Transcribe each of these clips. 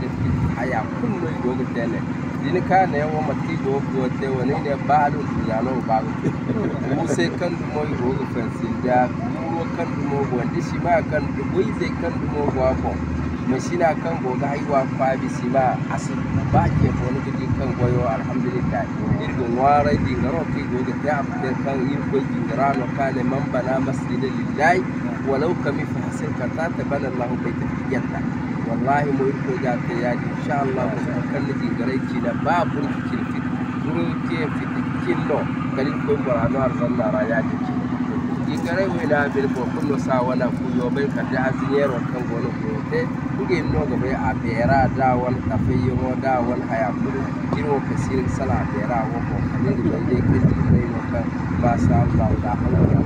jirgi haya kullu go go tele dini ka ne wo mati go go te woni ne balu ya no ba go se kan mo go go fensi da mo kan mo go ndi shi ma kan du boy ze kan mo go apo mashina kan goga haihuwa fa bisi ma asir ba ke wani gidi kan goyo alhamdulillah irgin warai e dingaro ke goga ta abdar kan irgo dingara no kale man bana masjidin lillahi walau kami fa hasin ka ta tabana allah bai tafiyarta wallahi mu irko jate yaadi inchallah mo kalliji garaycina ba burkicil fit burke fiti kinno kalin koye borano arzannara yaadi cina i garay weelaabel ko kunno saa wana ku yooben kadi asiniero kan gono goyote ɗugem nogoɓe a beera dawan kafeyomo dawan haya kuɗu irwo ke sir sala beera woko kadigi ɓeyde kadi reyno kan ba sa allah da halaa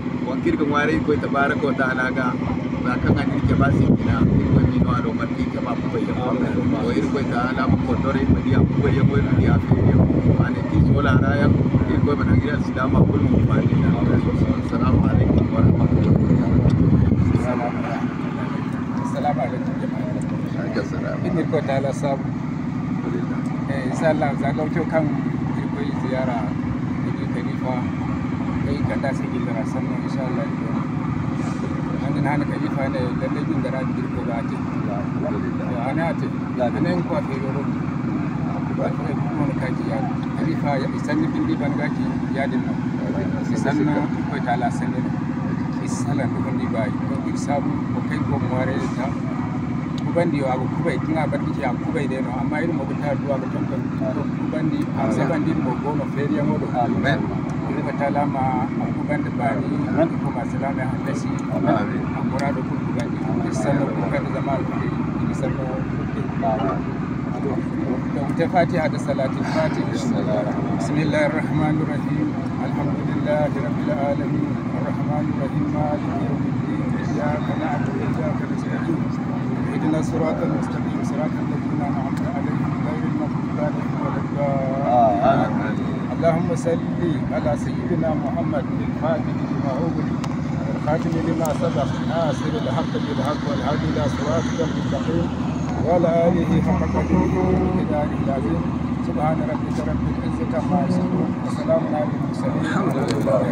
wankirga ngwari ko tabaraka wa ta'ala ga za ka ga nirke ba sai kina ko mi no aro matti ke ba ko ya ko ir ko ta'ala ko tore ko dia ko ya ko dia fi ya ane ti sola raya ko bana gira silama kul mu ba ni assalamu alaikum wa rahmatullahi wa barakatuh assalamu alaikum jama'a ko ta'ala sabu eh kan ziyara insha Allah hannun hana ka ifa ne lalle bin gara da girko ga ake ya ana ta ana yin kwa fe yoro ba ta yi kuma na kaji ya rifa ya isan ni bin diban gaji ya din nan isan na ko ta la sane isala ko bin dibai ko bi sabu ko kai ko mware ta ku bandi wa ku bai kin a bar kike ku bai dai no amma irin mu ta duwa ga tantan ku bandi a sai bandi mu go no feriya mo do amen kirka talama a kugan da bani a kuma salama halasi a kura da kudu zama alkuɗe isallar kuɗe da wuta fatiha da salatin fatiha bismillah ar rahim alhamdulillah rabbil alamin rahim maliki yawmiddin iyyaka na'budu wa iyyaka nasta'in ihdina siratal mustaqim siratal ladzina an'amta alaihim ghayril maghdubi alaihim waladdallin اللهم صل على سيدنا محمد الفاتح لما أغلق الخاتم لما سبق ناصر الحق بالحق والهادي إلى صراطك المستقيم وعلى آله حق قدره ومقداره العظيم سبحان ربك رب العزة عما يصفون وسلام على المرسلين